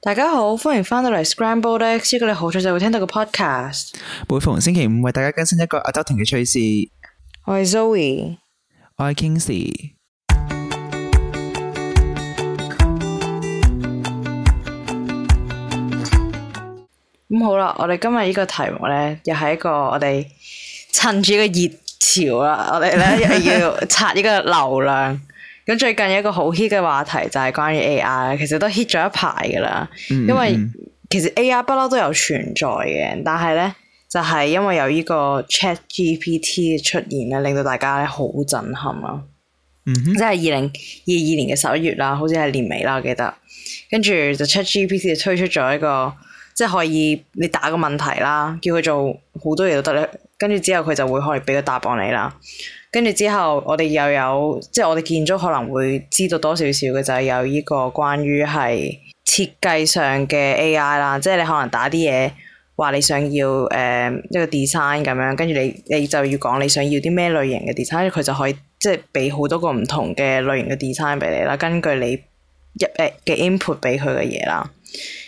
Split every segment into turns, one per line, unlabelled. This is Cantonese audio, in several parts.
大家好，歡迎翻到嚟 Scrambled Eggs 咧，呢個你好彩就會聽到個 podcast，
每逢星期五為大家更新一個 Adulting 嘅趣事。我係 Zoe，我係 Kingsley
咁、嗯、好啦，我哋今日呢個題目咧，又係一個我哋趁住一個熱潮啦， 我哋咧又要刷呢個流量。 咁最近有一個好 hit 嘅話題就係關於 A. I.，其實都 hit 咗一排嘅啦，mm hmm. 因為其實 A. I. 不嬲都有存在嘅，但係呢就係、是、因為有呢個 Chat G. P. T 嘅出現咧，令到大家咧好震撼啊！Mm
hmm.
即係二零二二年嘅十一月啦，好似係年尾啦，我記得跟住就 Chat G. P. T 推出咗一個，即係可以你打個問題啦，叫佢做好多嘢都得咧，跟住之後佢就會可以俾個答案你啦。跟住之後，我哋又有，即係我哋建築可能會知道多少少嘅就係有呢個關於係設計上嘅 AI 啦，即係你可能打啲嘢，話你想要誒一個 design 咁樣，跟住你你就要講你想要啲咩類型嘅 design，跟住佢就可以即係俾好多個唔同嘅類型嘅 design 俾你啦，根據你一誒嘅 input 俾佢嘅嘢啦，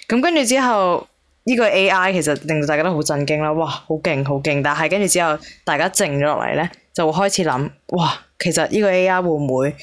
咁跟住之後。呢個 AI 其實令到大家都好震驚啦，哇，好勁好勁！但係跟住之後，大家靜咗落嚟咧，就會開始諗，哇，其實呢個 AI 會唔會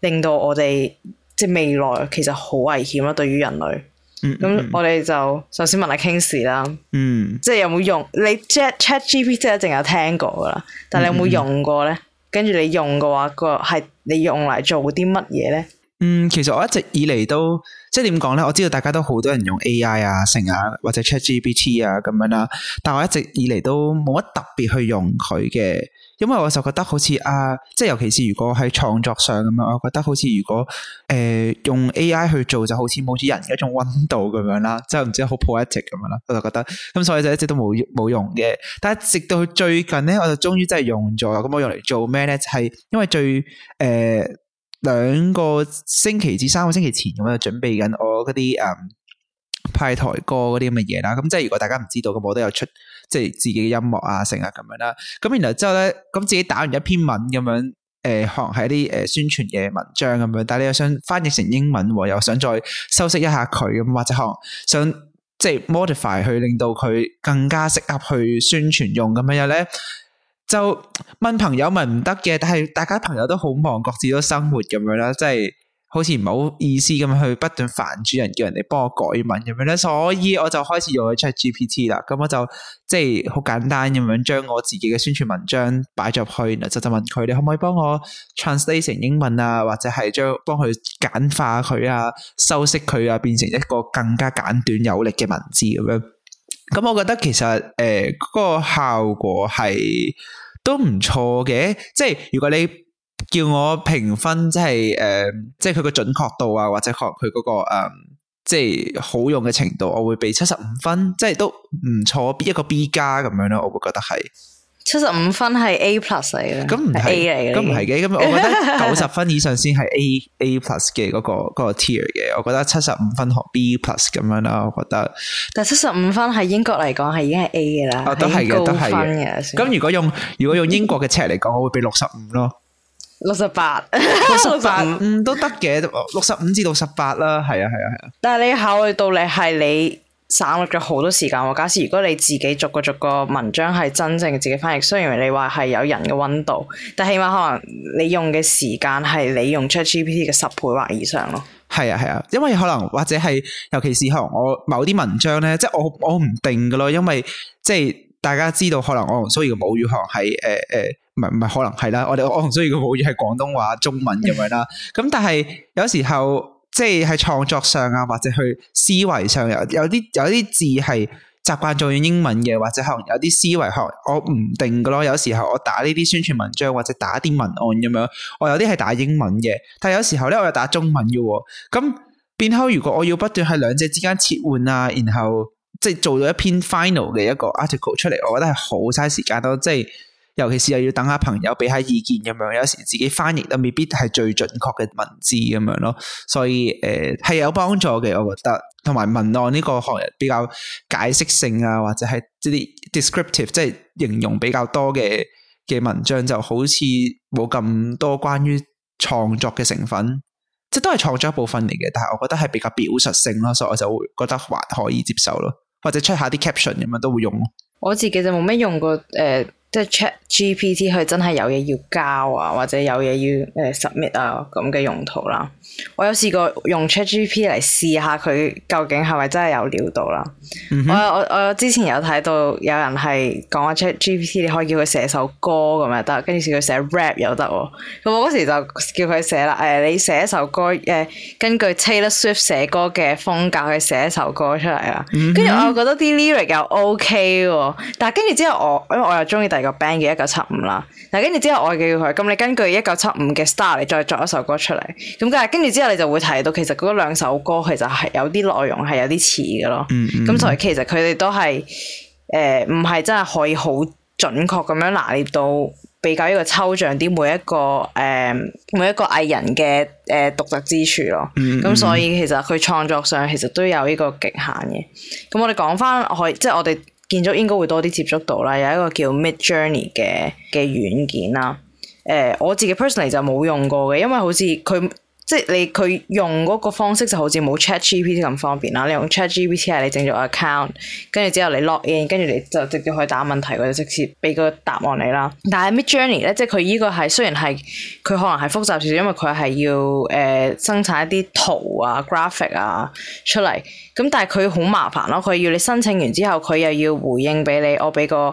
令到我哋即係未來其實好危險咯，對於人類。咁、mm hmm. 我哋就首先問下 Kings 啦。嗯、mm。Hmm. 即係有冇用？你 Chat Chat GPT 即係一定有聽過噶啦，但係你有冇用過咧？跟住、mm hmm. 你用嘅話，個係你用嚟做啲乜嘢咧？
嗯，其實我一直以嚟都即係點講咧，我知道大家都好多人用 AI 啊、成啊或者 ChatGPT 啊咁樣啦、啊，但係我一直以嚟都冇乜特別去用佢嘅，因為我就覺得好似啊，即係尤其是如果喺創作上咁樣，我覺得好似如果誒、呃、用 AI 去做，就好似冇住人嘅一種溫度咁樣啦，即係唔知好 poetic 咁樣啦，我就覺得咁所以就一直都冇冇用嘅。但係直到最近咧，我就終於真係用咗，咁我用嚟做咩咧？係、就係、因為最誒。呃兩個星期至三個星期前咁樣，準備緊我嗰啲誒派台歌嗰啲咁嘅嘢啦，咁即係如果大家唔知道咁，我都有出即係自己嘅音樂啊、成啊咁樣啦。咁然後之後咧，咁自己打完一篇文咁樣，誒學係一啲誒宣傳嘅文章咁樣，但係你又想翻譯成英文，又想再修飾一下佢咁，或者學想即係 modify 去令到佢更加適合去宣傳用咁樣樣咧。就問朋友咪唔得嘅，但係大家朋友都好忙，各自都生活咁樣啦，即係好似唔好意思咁去不斷煩住人叫人哋幫我改文咁樣咧，所以我就開始用 ChatGPT 啦，咁我就即係好簡單咁樣將我自己嘅宣傳文章擺咗入去，然後就就問佢你可唔可以幫我 translate 成英文啊，或者係將幫佢簡化佢啊、修飾佢啊，變成一個更加簡短有力嘅文字咁樣。咁我覺得其實誒，嗰、呃嗰個效果係都唔錯嘅，即係如果你叫我評分，即係誒，即係佢個準確度啊，或者可能佢嗰個誒、呃，即係好用嘅程度，我會俾七十五分，即係都唔錯，B 一個 B 加咁樣咧，我會覺得係。
七十五分係 A plus 嚟嘅，咁唔係 A 嚟嘅，咁唔係嘅，咁我覺得九十
分以上先係 A A plus 嘅嗰個嗰個 tier 嘅，我覺得七十五分同 B plus 咁樣啦，我覺得。
但七十五分喺英國嚟講係已經係 A 噶啦，係高分嘅。咁
如果用如果用英國嘅尺嚟講，我會俾六十五咯，六十八，六十八，嗯，都得嘅，六十五至到六十八啦，係啊，係啊，係啊。
但係你考慮到係你。省略咗好多時間喎！假設如果你自己逐個逐個文章係真正自己翻譯，雖然你話係有人嘅溫度，但起碼可能你用嘅時間係
你用 ChatGPT 嘅十倍或以上咯。係啊，係啊，因為可能或者係，尤其是可能我某啲文章咧，即係我我唔定嘅咯，因為即係大家知道，可能我同蘇怡嘅母語可能係誒唔係唔係，呃呃、可能係啦，我哋我同蘇怡嘅母語係廣東話中文咁樣啦。咁 但係有時候。即係喺創作上啊，或者去思維上有有啲有啲字係習慣做用英文嘅，或者可能有啲思維可能我唔定噶咯。有時候我打呢啲宣傳文章或者打啲文案咁樣，我有啲係打英文嘅，但係有時候咧我又打中文嘅。咁變後如果我要不斷喺兩者之間切換啊，然後即係做咗一篇 final 嘅一個 article 出嚟，我覺得係好嘥時間咯，即係。尤其是又要等下朋友俾下意見咁樣，有時自己翻譯都未必係最準確嘅文字咁樣咯，所以誒係、呃、有幫助嘅，我覺得。同埋文案呢個行比較解釋性啊，或者係啲、就是、descriptive，即係形容比較多嘅嘅文章，就好似冇咁多關於創作嘅成分，即係都係創作一部分嚟嘅，但係我覺得係比較表述性咯，所以我就會覺得還可以接受咯，或者出下啲 caption 咁樣都會用。
我自己就冇咩用過誒。呃即係 ChatGPT，佢真係有嘢要交啊，或者有嘢要誒 submit 啊咁嘅用途啦。我有試過用 ChatGPT 嚟試下佢究竟係咪真係有料到啦。我我我之前有睇到有人係講 ChatGPT，你可以叫佢寫首歌咁咪得，跟住叫佢寫 rap 又得，咁我嗰時就叫佢寫啦，誒、哎、你寫一首歌，誒、哎、根據 Taylor Swift 寫歌嘅風格去寫一首歌出嚟啦。跟住、mm hmm. 我又覺得啲 lyric 又 OK 喎，但係跟住之後我因為我又中意。第個 band 嘅一九七五啦，嗱，跟住之後我叫佢，咁你根據一九七五嘅 star 你再作一首歌出嚟，咁但係跟住之後你就會睇到，其實嗰兩首歌其實係有啲內容係有啲似嘅咯。咁、嗯嗯、所以其實佢哋都係誒，唔、呃、係真係可以好準確咁樣拿捏到比較呢個抽象啲每一個誒、呃、每一個藝人嘅誒獨特之處咯。咁、嗯嗯、所以其實佢創作上其實都有呢個極限嘅。咁我哋講翻，即我即係我哋。建築應該會多啲接觸到啦，有一個叫 Midjourney 嘅嘅軟件啦，誒、呃、我自己 personally 就冇用過嘅，因為好似佢。即係你佢用嗰個方式就好似冇 ChatGPT 咁方便啦，你用 ChatGPT 係你整咗 account，跟住之後你 login，跟住你就直接可以打問題，佢就直接俾個答案你啦。但係 Midjourney 咧，即係佢依個係雖然係佢可能係複雜少少，因為佢係要誒、呃、生產一啲圖啊 graphic 啊出嚟，咁但係佢好麻煩咯，佢要你申請完之後，佢又要回應俾你，我俾個。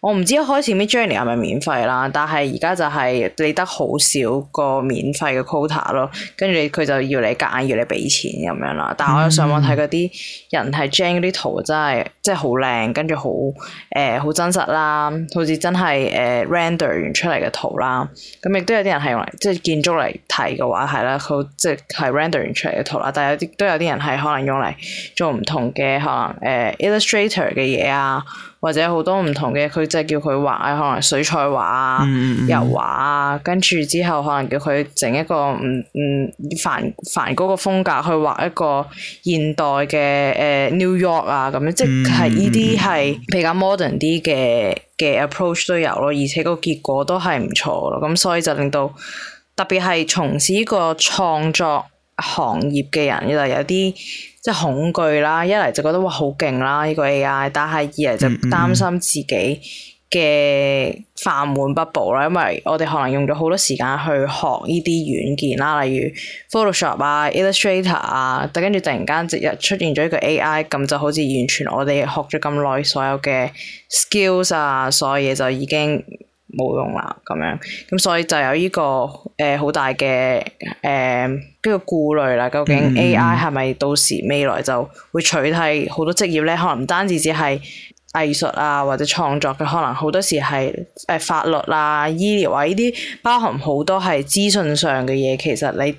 我唔知一開始 Midjourney 係咪免費啦，但係而家就係你得好少個免費嘅 quota 咯，跟住佢就要你夾硬要你俾錢咁樣啦。但係我有上網睇嗰啲人係 Jane 嗰啲圖真係即係好靚，跟住好誒好真實啦，好似真係誒、呃、render 完出嚟嘅圖啦。咁亦都有啲人係用嚟即係建築嚟睇嘅話係啦，好、就、即、是、係 render 完出嚟嘅圖啦。但係有啲都有啲人係可能用嚟做唔同嘅可能誒、呃、Illustrator 嘅嘢啊。或者好多唔同嘅，佢就係叫佢畫，可能水彩畫啊、油畫啊，嗯嗯、跟住之後可能叫佢整一個唔唔、嗯、繁繁嗰個風格去畫一個現代嘅誒、呃、New York 啊咁樣，即係呢啲係比較 modern 啲嘅嘅 approach 都有咯，而且個結果都係唔錯咯，咁所以就令到特別係從事呢個創作行業嘅人，就有啲即係恐懼啦，一嚟就覺得哇好勁啦呢個 AI，但係二嚟就擔心自己嘅飯碗不保啦，嗯嗯，因為我哋可能用咗好多時間去學呢啲軟件啦，例如 Photoshop 啊、Illustrator 啊，但跟住突然間一日出現咗一個 AI，咁就好似完全我哋學咗咁耐所有嘅 skills 啊，所有嘢就已經～冇用啦，咁樣，咁所以就有呢、呢個誒好、呃、大嘅誒呢個顧慮啦。究竟 AI 係咪到時未來就會取代好多職業咧？可能唔單止只係藝術啊或者創作嘅，可能好多時係誒法律啊、醫療啊呢啲包含好多係資訊上嘅嘢。其實你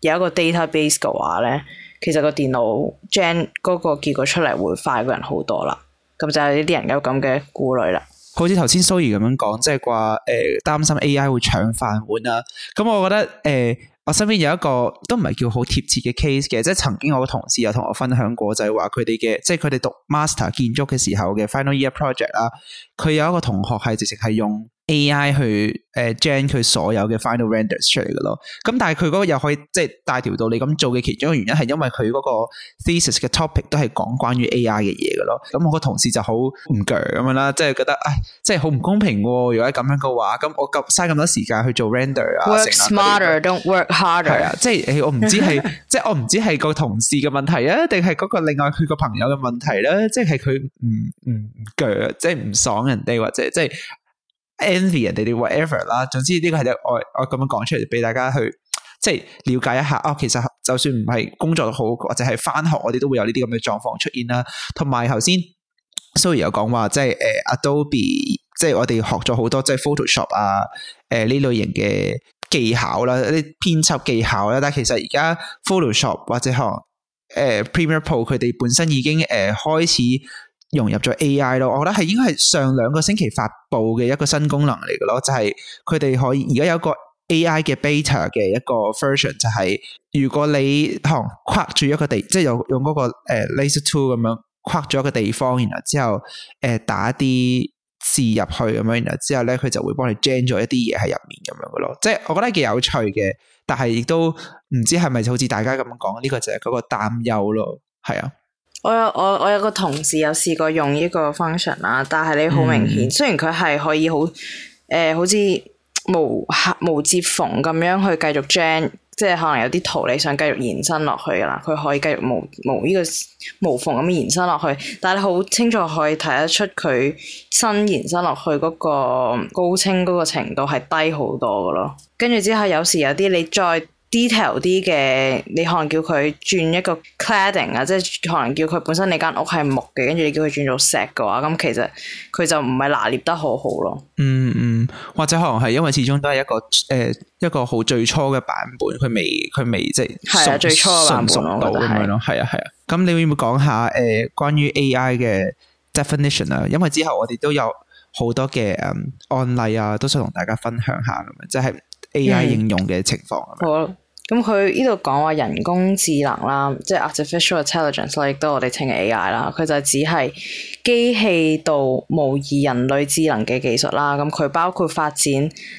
有一個 database 嘅話咧，其實個電腦 gen、嗰個、結果出
嚟會快過人好多啦。咁就係呢啲人有咁嘅顧慮啦。好似頭先 Zoe 咁樣講，即係話誒擔心 AI 會搶飯碗啊。咁、嗯、我覺得誒、呃，我身邊有一個都唔係叫好貼切嘅 case 嘅，即係曾經我個同事有同我分享過，就係話佢哋嘅即係佢哋讀 master 建築嘅時候嘅 final year project 啦、啊，佢有一個同學係直情係用。A.I. 去誒將佢所有嘅 Final Renders 出嚟嘅咯，咁但係佢嗰個又可以即係大條道理咁做嘅其中一個原因係因為佢嗰個 thesis 嘅 topic 都係講關於 A.I. 嘅嘢嘅咯，咁我個同事就好唔鋸咁樣啦，即係覺得誒即係好唔公平，如果咁樣嘅話，咁我咁嘥咁多時間去做 render 啊，Work smarter，don't work harder，係啊，即係誒我唔知係即係我唔知係個同事嘅問題啊，定係嗰個另外佢個朋友嘅問題咧，即係佢唔唔鋸，即係唔爽人哋或者即係。Envy 人哋哋 whatever 啦，總之呢個係我我咁樣講出嚟俾大家去即係了解一下，哦其實就算唔係工作好或者係翻學，我哋都會有呢啲咁嘅狀況出現啦。同埋頭先 Sorry 有講話，即係誒、呃、Adobe，即係我哋學咗好多即係 Photoshop 啊，誒、呃、呢類型嘅技巧啦，一啲編輯技巧啦。但係其實而家 Photoshop 或者可能誒 Premiere Pro，佢哋本身已經誒、呃、開始。融入咗 AI 咯，我覺得係應該係上兩個星期發布嘅一個新功能嚟嘅咯，就係佢哋可以而家有個 AI 嘅 beta 嘅一個 version，就係如果你行框、嗯、住一個地，即係用用、那、嗰個、呃、laser tool 咁樣框咗一個地方，然後之後誒、呃、打啲字入去咁樣，然後之後咧佢就會幫你 gen 咗一啲嘢喺入面咁樣嘅咯，即係我覺得幾有趣嘅，但係亦都唔知係咪好似大家咁樣講，呢、這個就係嗰個擔憂咯，係啊。
我有我我有個同事有試過用呢個 function 啦，但係你好明顯，嗯、雖然佢係可以好誒、呃，好似無無接縫咁樣去繼續 gen 即係可能有啲圖你想繼續延伸落去㗎啦，佢可以繼續無無呢、呢個無縫咁延伸落去，但係你好清楚可以睇得出佢新延伸落去嗰個高清嗰個程度係低好多噶咯，跟住之後有時有啲你再，detail 啲嘅，你可能叫佢轉一個 cladding 啊，即係可能叫佢本身你間屋係木嘅，跟住你叫佢轉做石嘅話，咁其實佢就唔係拿捏得好好咯。嗯
嗯，或者可能係因為始終都係一個誒、呃、一個好最初嘅版本，佢未佢未即係啊，最初版本咯順，係啊係啊。咁、啊啊、你會唔會講下誒、呃、關於 AI 嘅 definition 啊？因為之後我哋都有好多嘅案例啊，都想同大家分享下咁樣，即係 AI 應用嘅情況。嗯，
好。咁佢呢度講話人工智能啦，即係 artificial intelligence 亦都我哋稱為 AI 啦。佢就係指係機器度模擬人類智能嘅技術啦。咁佢包括發展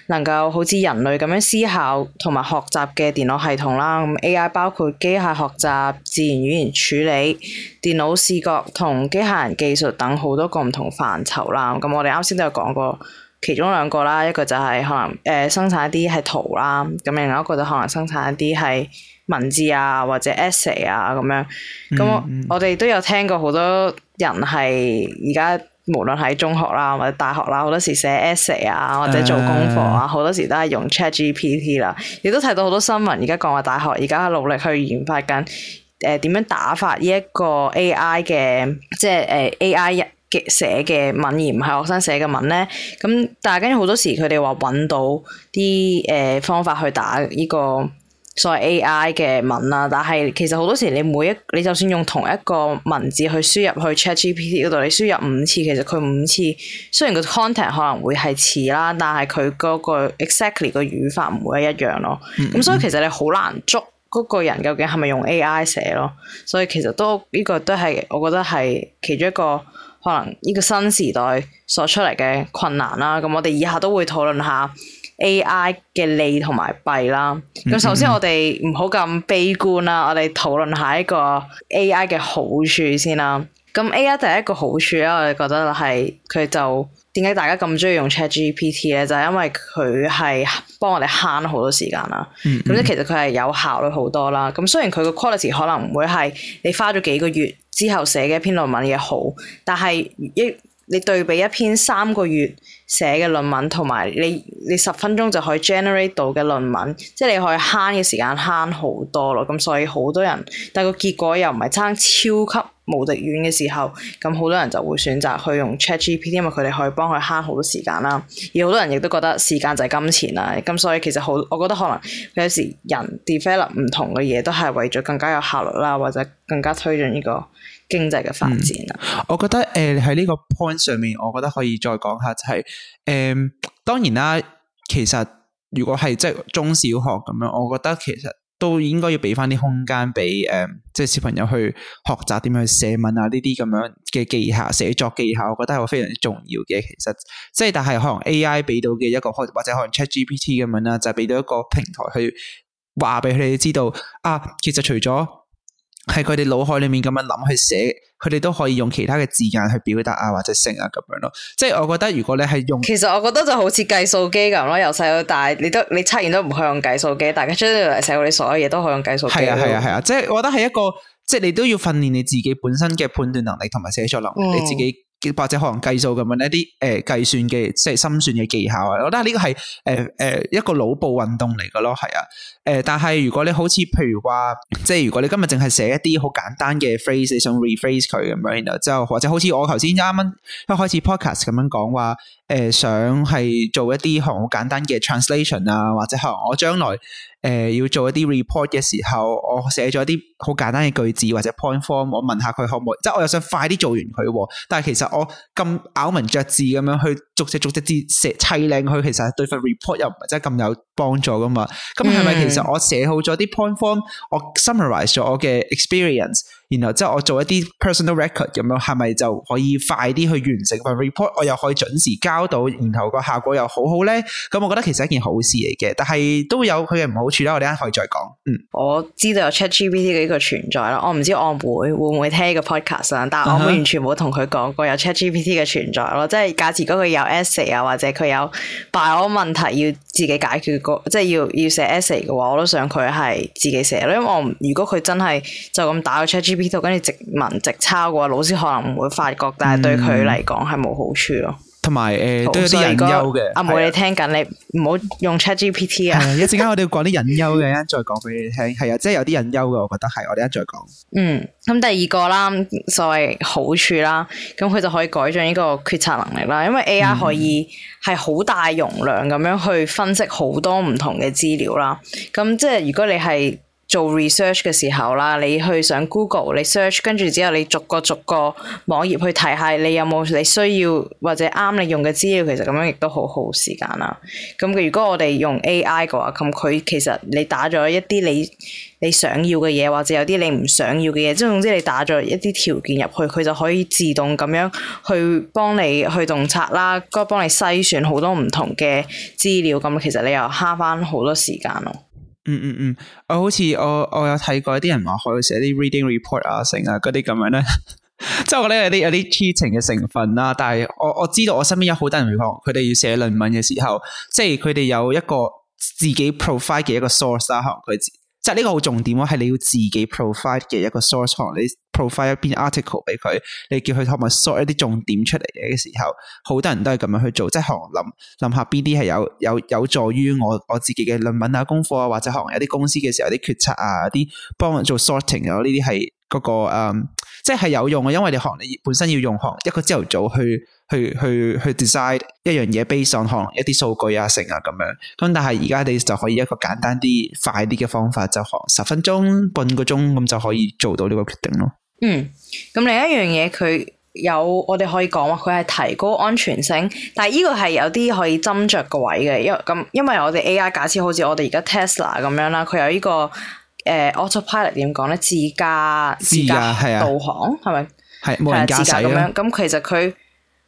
能夠好似人類咁樣思考同埋學習嘅電腦系統啦。咁 AI 包括機械學習、自然語言處理、電腦視覺同機械人技術等好多個唔同範疇啦。咁我哋啱先都有講過。其中兩個啦，一個就係可能誒、呃、生產一啲係圖啦，咁另外一個就可能生產一啲係文字啊或者 essay 啊，咁樣。咁我哋都有聽過好多人係而家無論喺中學啦或者大學啦，好多時寫 essay 啊或者做功課啊，呃、好多時都係用 ChatGPT 啦。亦都睇到好多新聞，而家講話大學而家努力去研發緊誒點樣打發呢一個 AI 嘅，即係誒、呃、AI 嘅寫嘅文而唔係學生寫嘅文咧，咁但係跟住好多時佢哋話揾到啲誒方法去打呢個所謂 A.I. 嘅文啦，但係其實好多時你每一你就算用同一個文字去輸入去 ChatGPT 嗰度，你輸入五次其實佢五次雖然個 content 可能會係似啦，但係佢嗰個 exactly 個語法唔會一樣咯。咁、mm hmm. 所以其實你好難捉嗰個人究竟係咪用 A.I. 寫咯，所以其實都呢、呢個都係我覺得係其中一個。可能呢個新時代所出嚟嘅困難啦，咁我哋以下都會討論下 A.I. 嘅利同埋弊啦。咁首先我哋唔好咁悲觀啦，我哋討論下一個 A.I. 嘅好處先啦。咁 A.I. 第一個好處咧、啊，我哋覺得係佢就點解大家咁中意用 ChatGPT 咧，就係、是、因為佢係幫我哋慳好多時間啦。咁即其實佢係有效率好多啦。咁雖然佢嘅 quality 可能唔會係你花咗幾個月。之後寫嘅一篇論文也好，但係一你對比一篇三個月寫嘅論文，同埋你你十分鐘就可以 generate 到嘅論文，即係你可以慳嘅時間慳好多咯。咁所以好多人，但個結果又唔係差超級。無敵遠嘅時候，咁好多人就會選擇去用 ChatGPT，因為佢哋可以幫佢慳好多時間啦。而好多人亦都覺得時間就係金錢啦，咁所以其實好，我覺得可能有時人 develop 唔同嘅嘢都係為咗更加有效率啦，或者更加推進呢個經濟嘅發
展啦、嗯。我覺得誒喺呢個 point 上面，我覺得可以再講下，就係、是、誒、呃，當然啦，其實如果係即係中小學咁樣，我覺得其實。都應該要俾翻啲空間俾誒，即係小朋友去學習點樣去寫文啊，呢啲咁樣嘅技巧，寫作技巧，我覺得係非常之重要嘅。其實，即係但係可能 AI 俾到嘅一個開，或者可能 ChatGPT 咁樣啦，就俾到一個平台去話俾佢哋知道啊。其實除咗喺佢哋腦海裡面咁樣諗去寫。佢哋都可以用其他嘅字眼去表達啊，或者聲啊咁樣咯。即係我覺得，如果你係用，其實我覺得就
好似計數機咁咯。由細到大，你都你測驗都唔可以用計數機，大家出到嚟寫嗰啲所有
嘢都可以用計數機。係啊係啊係啊，即係我覺得係一個，即係你都要訓練你自己本身嘅判斷能力同埋寫作能力你自己。嗯或者可能計數咁樣一啲誒計算嘅即係心算嘅技巧啊，我覺得呢個係誒誒一個腦部運動嚟嘅咯，係啊，誒、呃、但係如果你好似譬如話，即係如果你今日淨係寫一啲好簡單嘅 phrase，你想 rephrase 佢咁樣，然後或者好似我頭先啱啱一開始 podcast 咁樣講話。誒、呃、想係做一啲好簡單嘅 translation 啊，或者係我將來誒、呃、要做一啲 report 嘅時候，我寫咗啲好簡單嘅句子或者 point form，我問下佢可唔可以？即係我又想快啲做完佢啊，但係其實我咁咬文嚼字咁樣去逐隻逐隻字寫砌靚佢，其實對份 report 又唔係真係咁有幫助噶嘛？咁係咪其實我寫好咗啲 point form，我 summarize 咗我嘅 experience？然後即係我做一啲 personal record 咁樣，係咪就可以快啲去完成份 report？我又可以準時交到，然後個效果又好好咧。咁我覺得其實係一件好事嚟嘅，但係都有佢嘅唔好處啦。我哋等下可以再講。嗯，我知道有 ChatGPT 嘅呢個存在咯，
我唔知我會會唔會聽呢個 podcast 啊？但我會完全冇同佢講過有 ChatGPT 嘅存在咯。即係假設嗰個有 essay 啊，或者佢有辦我問題要自己解決個，即係要要寫 essay 嘅話，我都想佢係自己寫咯。因為我如果佢真係就咁打個 ChatG 跟住直文直抄嘅話，老師可能唔會發覺，嗯、但係對佢嚟講係冇好處咯。
同埋誒，呃、好都有啲隱憂嘅。阿妹的你，你聽緊的，你唔好用 ChatGPT 啊！一陣間我哋要講啲隱憂嘅，一陣再講俾你聽。係啊，即、就、係、是、有啲隱憂嘅，我覺得係。我哋一陣再講。嗯，
咁第二個啦，所謂好處啦，咁佢就可以改進呢個決策能力啦。因為 AI 可以係好大容量咁樣去分析好多唔同嘅資料啦。咁即係如果你係。做 research 嘅時候啦，你去上 Google，你 search，跟住之後你逐個逐個網頁去睇下，你有冇你需要或者啱你用嘅資料，其實咁樣亦都好耗時間啦。咁如果我哋用 AI 嘅話，咁佢其實你打咗一啲你你想要嘅嘢，或者有啲你唔想要嘅嘢，即係總之你打咗一啲條件入去，佢就可以自動咁樣去幫你去洞察啦，幫你篩選好多唔同嘅資料。咁其實你又慳翻好多時間咯。
嗯嗯嗯，我好似我我有睇過啲人話可以寫啲 reading report 啊成啊啲咁樣咧，即 係我覺得有啲有啲 cheating 嘅成分啦、啊。但係我我知道我身邊有好多人同學，佢哋要寫論文嘅時候，即係佢哋有一個自己 provide 嘅一個 source 啦，啊，佢。即係呢個好重點，係你要自己 provide 嘅一個 source，你 provide 一篇 article 俾佢，你叫佢可唔可以 sort 一啲重點出嚟嘅時候，好多人都係咁樣去做。即係學諗諗下邊啲係有有有助於我我自己嘅論文啊、功課啊，或者學有啲公司嘅時候啲決策啊、啲幫人做 sorting 咗、啊、呢啲係嗰、嗰個誒、嗯，即係係有用嘅，因為你學你本身要用學一個朝頭早去。去去去 decide 一樣嘢，base on 可能一啲數據啊，成啊咁樣。咁但係而家你就可以一個簡單啲、快啲嘅方法，就十分鐘、半個鐘咁就可以做到呢個決定咯。嗯，
咁另一樣嘢，佢有我哋可以講話，佢係提高安全性，但係呢個係有啲可以斟酌個位嘅。因咁因為我哋 AI 假設好似我哋而家 Tesla 咁樣啦，佢有呢個、呃 Autopilot，呢個誒 Autopilot 點講咧？自駕自駕係啊，導航係咪
係冇人家、啊、駕駛咁樣？咁
其實佢。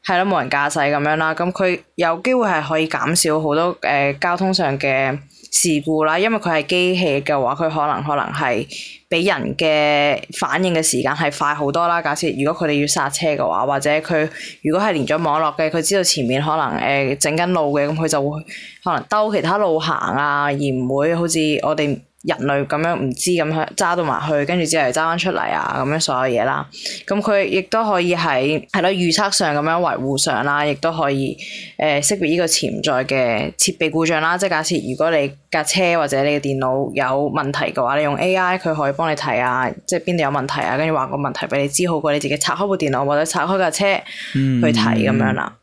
係咯，冇人駕駛咁樣啦，咁佢有機會係可以減少好多誒、呃、交通上嘅事故啦，因為佢係機器嘅話，佢可能可能係俾人嘅反應嘅時間係快好多啦。假設如果佢哋要剎車嘅話，或者佢如果係連咗網絡嘅，佢知道前面可能誒整緊路嘅，咁佢就會可能兜其他路行啊，而唔會好似我哋。人類咁樣唔知咁樣揸到埋去，跟住之後又揸翻出嚟啊！咁樣所有嘢啦，咁佢亦都可以喺係咯預測上咁樣維護上啦，亦都可以誒、呃、識別呢個潛在嘅設備故障啦。即係假設如果你架車或者你嘅電腦有問題嘅話，你用 AI 佢可以幫你睇啊，即係邊度有問題啊，跟住話個問題俾你知，好過你自己拆開部電腦或者拆開架車去睇咁、嗯、樣啦。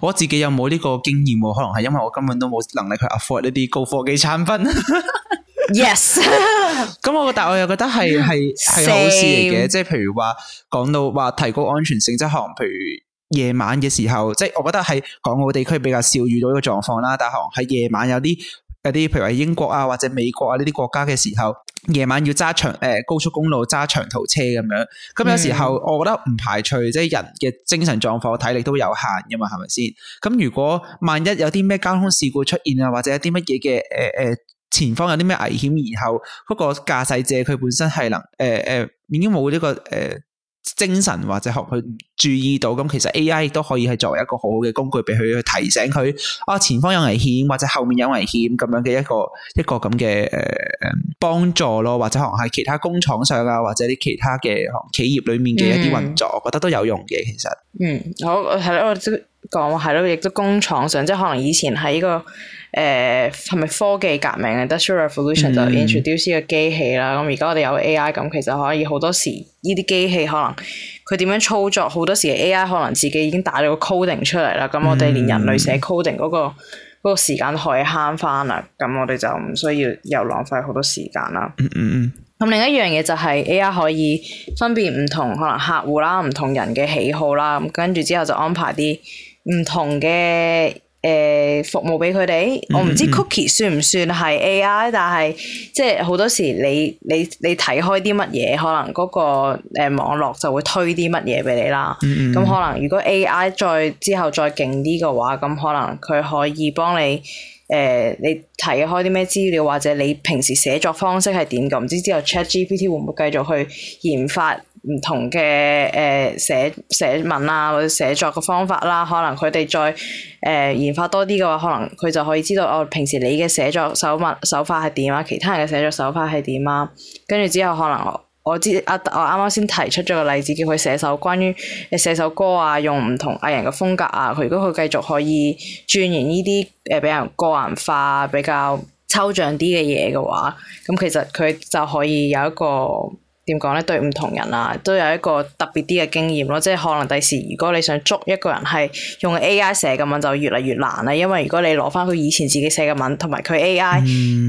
我自己有冇呢個經驗？可能係因為我根本都冇能力去 afford 呢啲高科技產品。 Yes，咁 我但我又覺得係係係好事嚟嘅，即係譬如話講到話提高安全性，即係行，譬如夜晚嘅時候，即係我覺得喺港澳地區比較少遇到呢個狀況啦。但係行喺夜晚有啲有啲，譬如話英國啊或者美國啊呢啲國家嘅時候，夜晚要揸長誒、呃、高速公路揸長途車咁樣，咁有時候我覺得唔排除、mm. 即係人嘅精神狀況、體力都有限噶嘛，係咪先？咁如果萬一有啲咩交通事故出現啊，或者有啲乜嘢嘅誒誒。呃呃呃前方有啲咩危險，然後嗰個駕駛者佢本身係能，誒、呃、誒、呃、已經冇呢、呢個誒、呃、精神或者學佢注意到咁，其實 A.I. 亦都可以係作為一個好好嘅工具，俾佢去提醒佢啊，前方有危險或者後面有危險咁樣嘅一個一個咁嘅誒幫助咯，或者可能喺其他工廠上啊，或者啲其他嘅企業裡面嘅一啲運作，嗯、我覺得都有用嘅。其實，
嗯，好係咯，我即係講喎，係咯，亦都工廠上，即係可能以前喺呢個誒係咪科技革命嘅 Industrial Revolution 就 introduce 個機器啦。咁而家我哋有 A.I. 咁，其實可以好多時呢啲機器可能。佢點樣操作？好多時 A.I. 可能自己已經打咗個 coding 出嚟啦，咁我哋連人類寫 coding 嗰個嗰個時間都可以慳翻啦，咁我哋就唔需要又浪費好多時間啦。嗯嗯嗯。咁 另一樣嘢就係 A.I. 可以分辨唔同可能客戶啦、唔同人嘅喜好啦，咁跟住之後就安排啲唔同嘅。誒、呃、服務俾佢哋，嗯嗯，我唔知 cookie 算唔算係 AI，嗯嗯，但係即係好多時你你你睇開啲乜嘢，可能嗰個誒網絡就會推啲乜嘢俾你啦。咁、嗯嗯、可能如果 AI 再之後再勁啲嘅話，咁可能佢可以幫你誒、呃、你睇開啲咩資料，或者你平時寫作方式係點㗎。唔知之後 ChatGPT 會唔會繼續去研發？唔同嘅誒、呃、寫寫文啊或者寫作嘅方法啦、啊，可能佢哋再誒、呃、研發多啲嘅話，可能佢就可以知道我、哦、平時你嘅寫作手法手法係點啊，其他人嘅寫作手法係點啊。跟住之後可能我，我知啊，我啱啱先提出咗個例子，叫佢寫首關於寫首歌啊，用唔同藝人嘅風格啊。佢如果佢繼續可以轉型呢啲誒比較個人化、比較抽象啲嘅嘢嘅話，咁其實佢就可以有一個。點講咧？對唔同人啊，都有一個特別啲嘅經驗咯。即係可能第時，如果你想捉一個人係用 AI 寫嘅文，就越嚟越難啦。因為如果你攞翻佢以前自己寫嘅文，同埋佢 AI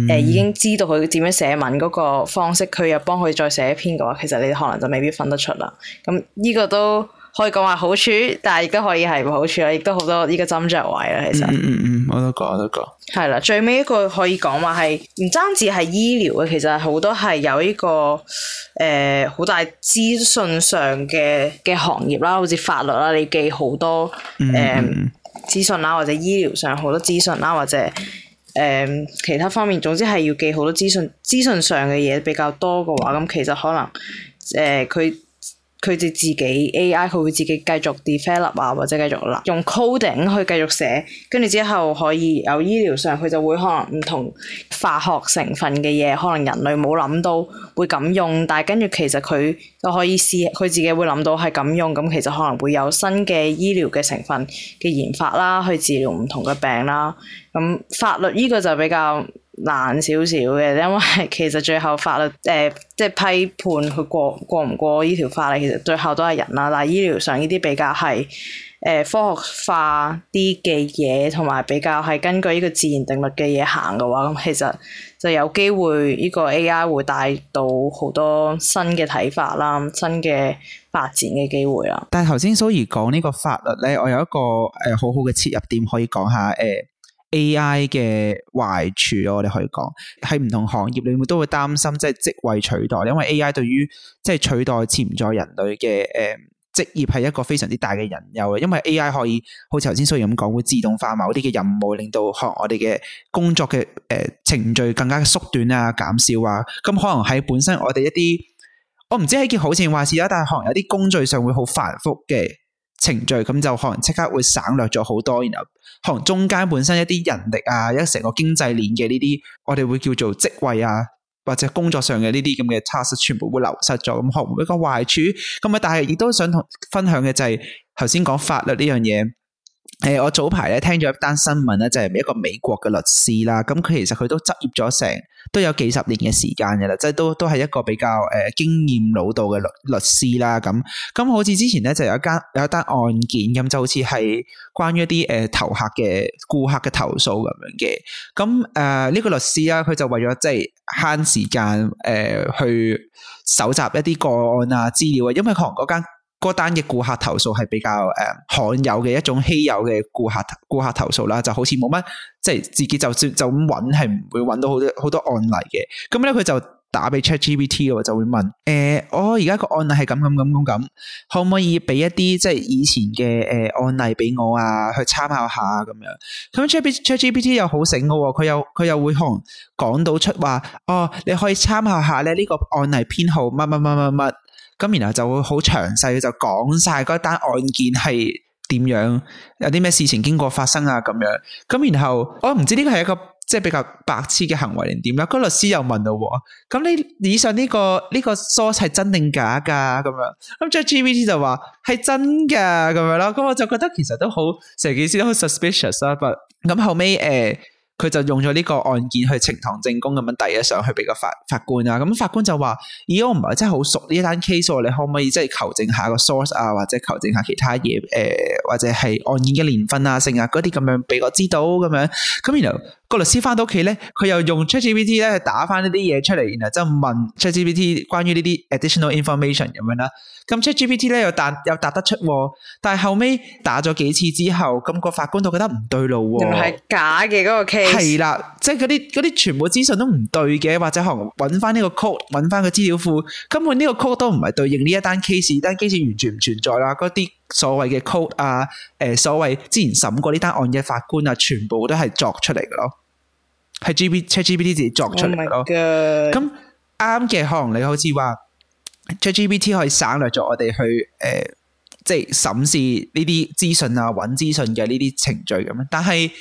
誒已經知道佢點樣寫文嗰個方式，佢又幫佢再寫一篇嘅話，其實你可能就未必分得出啦。咁呢個都～可以講話好處，但係亦都可以係唔好處啦，亦都好多依個斟酌位啦。其實，嗯
嗯我都講，我都講。
係啦，最尾一個可以講話係，唔單止係醫療啊，其實好多係有呢個誒好、呃、大資訊上嘅嘅行業啦，好似法律啦，你記好多誒資訊啦，或者醫療上好多資訊啦，或者誒、呃、其他方面，總之係要記好多資訊，資訊上嘅嘢比較多嘅話，咁其實可能誒佢。呃佢哋自己 A.I. 佢會自己繼續 develop 啊，或者繼續用 coding 去繼續寫，跟住之後可以有醫療上佢就會可能唔同化學成分嘅嘢，可能人類冇諗到會咁用，但係跟住其實佢就可以試，佢自己會諗到係咁用，咁其實可能會有新嘅醫療嘅成分嘅研發啦，去治療唔同嘅病啦。咁法律呢個就比較難少少嘅，因為其實最後法律誒、呃，即係批判佢過過唔過呢條法例，其實最後都係人啦。但係醫療上呢啲比較係誒、呃、科學化啲嘅嘢，同埋比較係根據呢個自然定律嘅嘢行嘅話，咁其實就有機會呢個 AI 會帶到好多新嘅睇法啦，新嘅發展嘅機會啦。
但係頭先 Zoe 講呢個法律咧，我有一個誒、呃、好好嘅切入點可以講下誒。呃 AI 嘅壞處、啊，我哋可以講喺唔同行業，裏面都會擔心即係職位取代，因為 AI 對於即係取代潛在人類嘅誒、呃、職業係一個非常之大嘅隱憂嘅。因為 AI 可以好似頭先 Zoe 咁講，會自動化某啲嘅任務，令到學我哋嘅工作嘅誒、呃、程序更加縮短啊、減少啊。咁、嗯、可能喺本身我哋一啲，我唔知係一件好事定壞事啦，但係可能有啲工序上會好繁複嘅。程序咁就可能即刻會省略咗好多，然後可能中間本身一啲人力啊，一成個經濟鏈嘅呢啲，我哋會叫做職位啊，或者工作上嘅呢啲咁嘅 task，全部會流失咗，咁可能會一個壞處。咁啊，但係亦都想同分享嘅就係頭先講法律呢樣嘢。誒、呃，我早排咧聽咗一單新聞咧，就係、是、一個美國嘅律師啦。咁佢其實佢都執業咗成都有幾十年嘅時間嘅啦，即係都都係一個比較誒、呃、經驗老道嘅律律師啦。咁咁好似之前咧就有一間有一單案件咁，就好似係關於一啲誒、呃、投客嘅顧客嘅投訴咁樣嘅。咁誒呢個律師啦、啊，佢就為咗即係慳時間誒、呃、去搜集一啲個案啊資料啊，因為可能嗰間。嗰單嘅顧客投訴係比較誒、um，罕有嘅一種稀有嘅顧客顧客投訴啦，就好似冇乜即係自己就就咁揾，係唔會揾到好多好多案例嘅。咁咧佢就打俾 ChatGPT 咯，就會問誒，我而家個案例係咁咁咁咁咁，可唔可以俾一啲即係以前嘅誒、呃、案例俾我啊去參考下咁、啊、樣？咁 ChatChatGPT 又好醒嘅，佢又佢又會可能講講到出話哦，你可以參考下咧呢個案例編號乜乜乜乜乜。咁然後就會好詳細，就講晒嗰單案件係點樣，有啲咩事情經過發生啊咁樣。咁然後我唔知呢個係一個即係比較白痴嘅行為定點樣。個律師又問咯，咁你以上呢個呢個 source 係真定假噶咁樣。咁即係 GPT 就話係真噶咁樣啦。咁我就覺得其實都好成件事都好 suspicious 啦。but 咁後尾誒。呃佢就用咗呢個案件去呈堂證供咁樣遞咗上去俾個法法官啊，咁法官就話：咦、哎，我唔係真係好熟呢單 case，你可唔可以即係求證下個 source 啊，或者求證下其他嘢，誒、呃，或者係案件嘅年份啊，剩啊嗰啲咁樣俾我知道咁樣，咁然後。個律師翻到屋企咧，佢又用 ChatGPT 咧去打翻呢啲嘢出嚟，然後就問 ChatGPT 關於呢啲 additional information 咁樣啦。咁 ChatGPT 咧又答又答得出，但係後尾打咗幾次之後，咁個法官都覺得唔對路喎，原來係
假嘅嗰個 case。係啦，
即係嗰啲啲全部資訊都唔對嘅，或者可能揾翻呢個 code，揾翻個資料庫，根本呢個 code 都唔係對應呢一單 case，單 case 完全唔存在啦。嗰啲所謂嘅 code 啊，誒、呃、所謂之前審過呢單案嘅法官啊，全部都係作出嚟嘅咯。係 GPT，ChatGPT 自己作出嚟咯。咁啱嘅，可能你好似話 ChatGPT 可以省略咗我哋去誒，即、呃、係、就是、審視呢啲資訊啊、揾資訊嘅呢啲程序咁。但係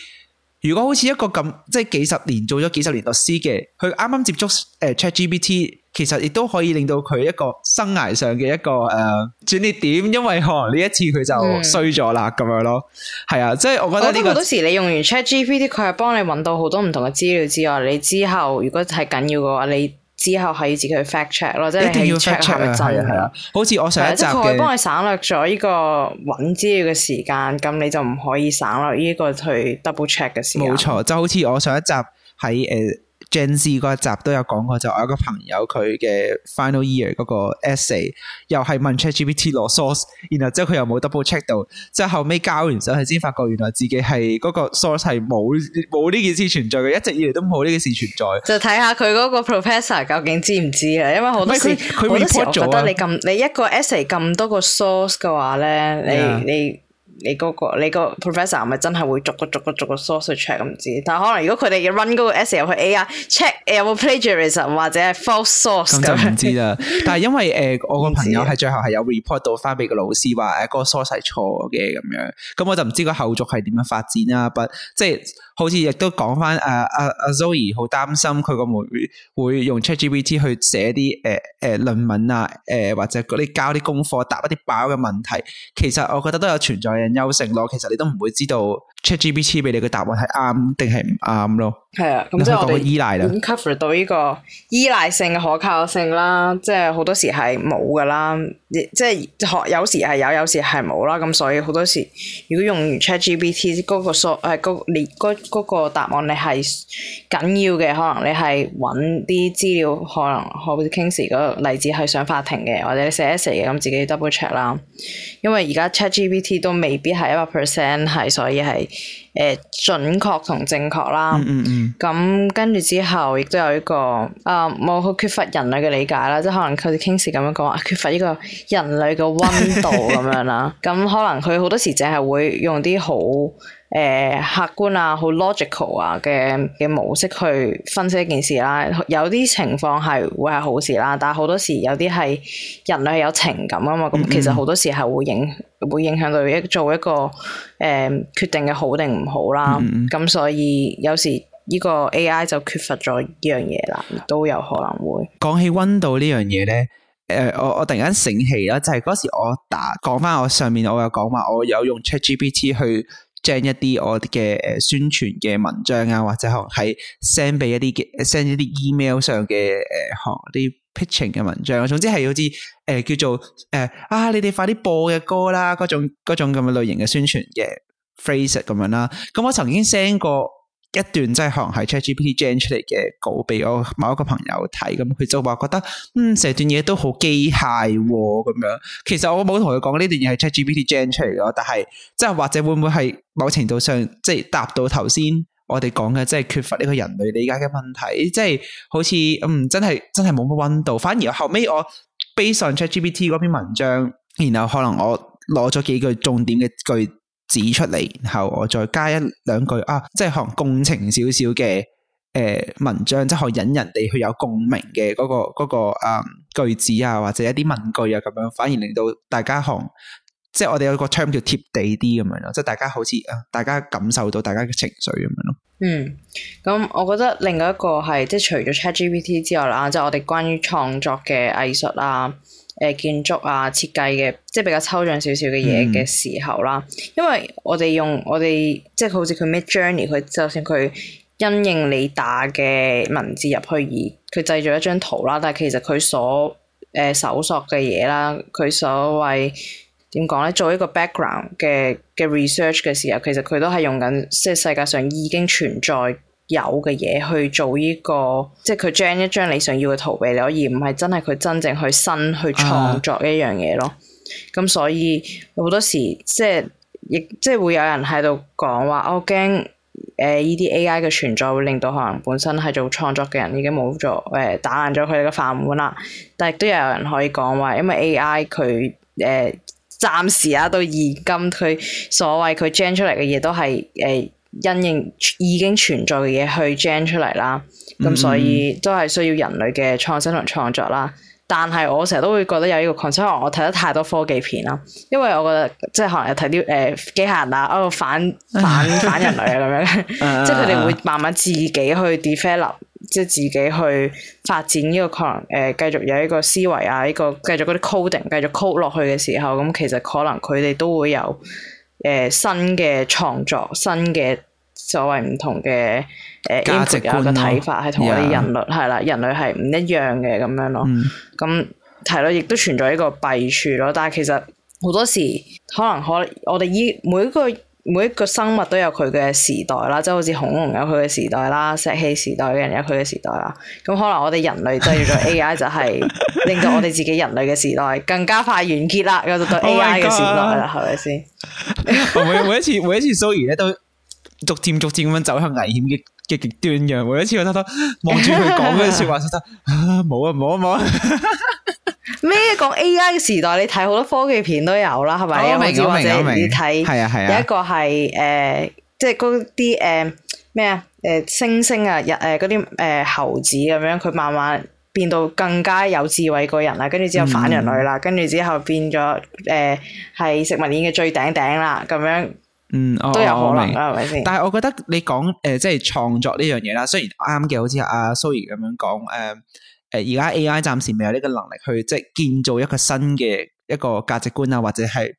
如果好似一個咁即係幾十年做咗幾十年律師嘅，佢啱啱接觸誒 ChatGPT。呃 Chat 其實亦都可以令到佢一個生涯上嘅一個誒、uh, 轉捩點，因為可能呢一次佢就衰咗啦咁樣咯。係啊，即、就、係、是、我覺得呢、這個。好多時
你用完 ChatGPT，佢係幫你搵到好多唔同嘅資料之外，你之後如果係緊要嘅話，你之後係要自己去 fact check 咯，即係一定要 check 係咪真係啊？
好似、啊啊、我上一集佢會、啊、幫你
省略咗呢個搵資料嘅時間，咁你就唔可以省略呢個去 double check 嘅時間。冇
錯，就好似我上一集喺誒。呃 Gen Z 嗰一集都有講過，就是，我一個朋友佢嘅 Final Year 嗰個 Essay 又係問 ChatGPT 攞 source，然後之後佢又冇 double check 到，之後後尾交完手係先發覺原來自己係嗰、那個 source 係冇冇呢件事存在嘅，一直以嚟都冇呢件事存在。
就睇下佢嗰個 Professor 究竟知唔知啊？因為好多時好、啊、多時我覺得你咁你一個 Essay 咁多個 source 嘅話咧，你你。Yeah. 你嗰個你個 professor 咪真係會逐個逐個逐個 source check 咁唔知，但係可能如果佢哋要 run 嗰個 essay 入去 AI check 有冇 plagiarism 或者係 false
source 咁就唔知啦。 但係因為誒、呃、我個朋友係最後係有 report 到翻俾個老師話嗰個 source 係錯嘅咁樣，咁我就唔知個後續係點樣發展啦。but 即係。好似亦都講翻、啊，阿、啊、阿阿、啊、Zoe 好擔心佢個妹會用 ChatGPT 去寫啲誒誒論文啊，誒、呃、或者嗰啲交啲功課答一啲爆嘅問題。其實我覺得都有存在嘅隱憂性咯。其實你都唔會知道 ChatGPT 俾你嘅答案係啱定係唔啱咯。
係啊，咁、嗯、即係我哋 cover 到呢個依賴性嘅可靠性啦，即係好多時係冇㗎啦，即係學有時係有，有時係冇啦。咁所以好多時如果用完 ChatGPT 嗰、嗰個所誒嗰個答案，你係緊要嘅，可能你係搵啲資料，可能好似 Kingsley 嗰個例子係上法庭嘅，或者寫一寫嘅，咁自己 double check 啦。因為而家 ChatGPT 都未必係一百 percent 係，所以係。誒準確同正確啦，咁、嗯嗯嗯、跟住之後亦都有一個，啊冇好缺乏人類嘅理解啦，即係可能佢哋傾詞咁樣講，缺乏呢個人類嘅温度咁 樣啦，咁、嗯、可能佢好多時淨係會用啲好。誒、呃、客觀啊，好 logical 啊嘅嘅模式去分析一件事啦。有啲情況係會係好事啦，但係好多時有啲係人類係有情感啊嘛。咁、嗯嗯、其實好多時係會影會影響到一做一個誒、呃、決定嘅好定唔好啦。咁、嗯嗯、所以有時呢個 AI 就缺乏咗呢樣嘢啦，都有可能會
講起溫度呢樣嘢咧。誒、呃，我我突然間醒起啦，就係、是、嗰時我打講返我上面，我有講話我有用 ChatGPT 去。將一啲我嘅誒、呃、宣傳嘅文章啊，或者學喺 send 俾一啲嘅 send 一啲 email 上嘅誒學啲 pitching 嘅文章、啊，總之係好似誒叫做誒、呃、啊！你哋快啲播嘅歌啦，嗰種嗰種咁嘅類型嘅宣傳嘅 phrase 咁、啊、樣啦、啊。咁我曾經 send 過。一段即係可能係 ChatGPT Gen 出嚟嘅稿俾我某一個朋友睇，咁佢就話覺得嗯成段嘢都好機械咁、哦、樣。其實我冇同佢講呢段嘢係 ChatGPT Gen 出嚟嘅，但係即係或者會唔會係某程度上即係、就是、答到頭先我哋講嘅，即、就、係、是、缺乏呢個人類理解嘅問題，即、就、係、是、好似嗯真係真係冇乜溫度。反而後尾我 base on ChatGPT 嗰篇文章，然後可能我攞咗幾句重點嘅句。指出嚟，然後我再加一兩句啊，即係可共情少少嘅誒文章，即係引人哋去有共鳴嘅嗰、嗰個、嗰個啊、呃、句子啊，或者一啲文句啊咁樣，反而令到大家行，即係我哋有個 term 叫貼地啲咁樣咯，即係大家好似啊，大家感受到大家嘅情緒咁樣咯。嗯，
咁我覺得另外一個係即係除咗 ChatGPT 之外啦，即係我哋關於創作嘅藝術啊。誒建築啊，設計嘅即係比較抽象少少嘅嘢嘅時候啦，嗯、因為我哋用我哋即係好似佢咩 Midjourney，佢就算佢因應你打嘅文字入去而佢製造一張圖啦，但係其實佢所誒、呃、搜索嘅嘢啦，佢所謂點講咧？做一個 background 嘅嘅 research 嘅時候，其實佢都係用緊即係世界上已經存在有嘅嘢去做呢個，即係佢將一張你想要嘅圖俾你，而唔係真係佢真正去新去創作一樣嘢咯。咁、啊、所以好多時即係亦即係會有人喺度講話，我驚誒呢啲 AI 嘅存在會令到可能本身係做創作嘅人已經冇咗誒打爛咗佢哋嘅飯碗啦。但係亦都有人可以講話，因為 AI 佢誒、呃、暫時啊到現今佢所謂佢 generate 出嚟嘅嘢都係誒。呃因應已經存在嘅嘢去 gen 出嚟啦，咁所以都係需要人類嘅創新同創作啦。但係我成日都會覺得有呢個 concept，我睇得太多科技片啦，因為我覺得即係可能有睇啲誒機械人啊，哦反反 反人類啊咁樣， 即係佢哋會慢慢自己去 develop，即係自己去發展呢個可能誒、呃、繼續有一個思維啊，呢個繼續嗰啲 coding 繼續 code 落去嘅時候，咁其實可能佢哋都會有。誒新嘅創作，新嘅所謂唔同嘅誒價值觀嘅睇法，係同我哋人類係啦 Yeah.，人類係唔一樣嘅咁樣咯。咁係咯，亦都存在一個弊處咯。但係其實好多時可能可我哋以每一個。每一個生物都有佢嘅時代啦，即係好似恐龍有佢嘅時代啦，石器時代嘅人有佢嘅時代啦。咁可能我哋人類借助咗 A I 就係令到我哋自己人類嘅時代更加快完結啦。有咗對 A I 嘅時代啦，係咪先？
每每一次每一次 Sorry 咧，都逐漸逐漸咁樣走向危險嘅嘅極端嘅，每一次我都望住佢講嘅說話，覺得啊冇啊冇啊冇啊！
咩講 AI 嘅時代？你睇好多科技片都有啦，係咪？Oh, 或者你睇，係啊係啊，有、啊、一個係誒、呃，即係嗰啲誒咩啊，誒猩猩啊，日誒嗰啲誒猴子咁樣，佢慢慢變到更加有智慧個人啦，跟住之後反人類啦，跟住、嗯、之後變咗誒係食物
鏈嘅最頂頂啦，咁樣，嗯，哦、都有可能啦，係咪先？但係我覺得你講誒、呃，即係創作呢樣嘢啦，雖然啱嘅、啊，好似阿 Zoe 咁樣講誒。啊啊啊啊啊啊誒，而家 A.I. 暫時未有呢個能力去即係建造一個新嘅一個價值觀啊，或者係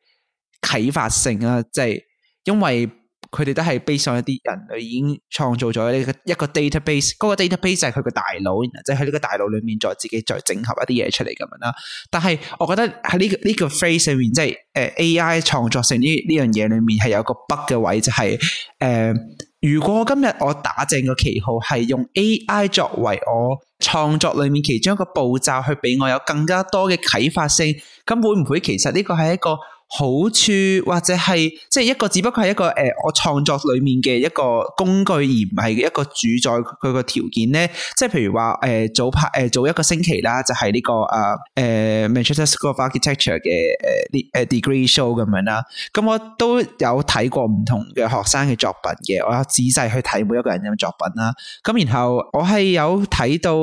啟發性啊，即係因為佢哋都係 base 上一啲人類，佢已經創造咗呢個一個 database。嗰個 database 係佢個大腦，即係喺呢個大腦裏面再自己再整合一啲嘢出嚟咁樣啦。但係我覺得喺呢個呢個 phase 裏面，即係誒 A.I. 創作性呢呢樣嘢裏面係有一個 bug 嘅位，就係誒，如果今日我打正個旗號係用 A.I. 作為我。創作裏面其中一個步驟去俾我有更加多嘅啟發性，咁會唔會其實呢個係一個好處或者係即係一個，只不過係一個誒、呃，我創作裏面嘅一個工具，而唔係一個主宰佢個條件咧。即係譬如話誒、呃，早排誒、呃，早一個星期啦，就係、是、呢、這個啊誒、呃、Manchester School of Architecture 嘅誒誒、呃呃、Degree Show 咁樣啦。咁、嗯、我都有睇過唔同嘅學生嘅作品嘅，我有仔細去睇每一個人嘅作品啦。咁、嗯、然後我係有睇到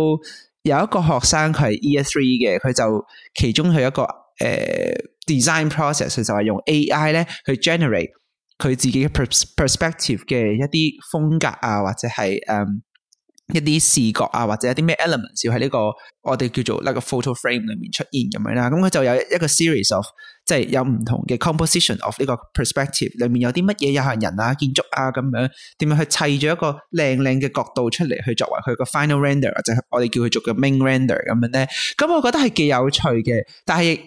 有一個學生佢係 E S Three 嘅，佢就其中係一個誒。呃 design process 就係用 AI 咧，去 generate 佢自己嘅 perspective 嘅一啲風格啊，或者係誒、嗯、一啲視覺啊，或者有啲咩 elements 要喺呢、這個我哋叫做 like 個 photo frame 裏面出現咁樣啦。咁佢就有一個 series of 即係有唔同嘅 composition of 呢個 perspective 裏面，有啲乜嘢，有行人啊、建築啊，咁樣點樣去砌咗一個靚靚嘅角度出嚟，去作為佢個 final render 或者我哋叫佢做個 main render 咁樣咧。咁我覺得係幾有趣嘅，但係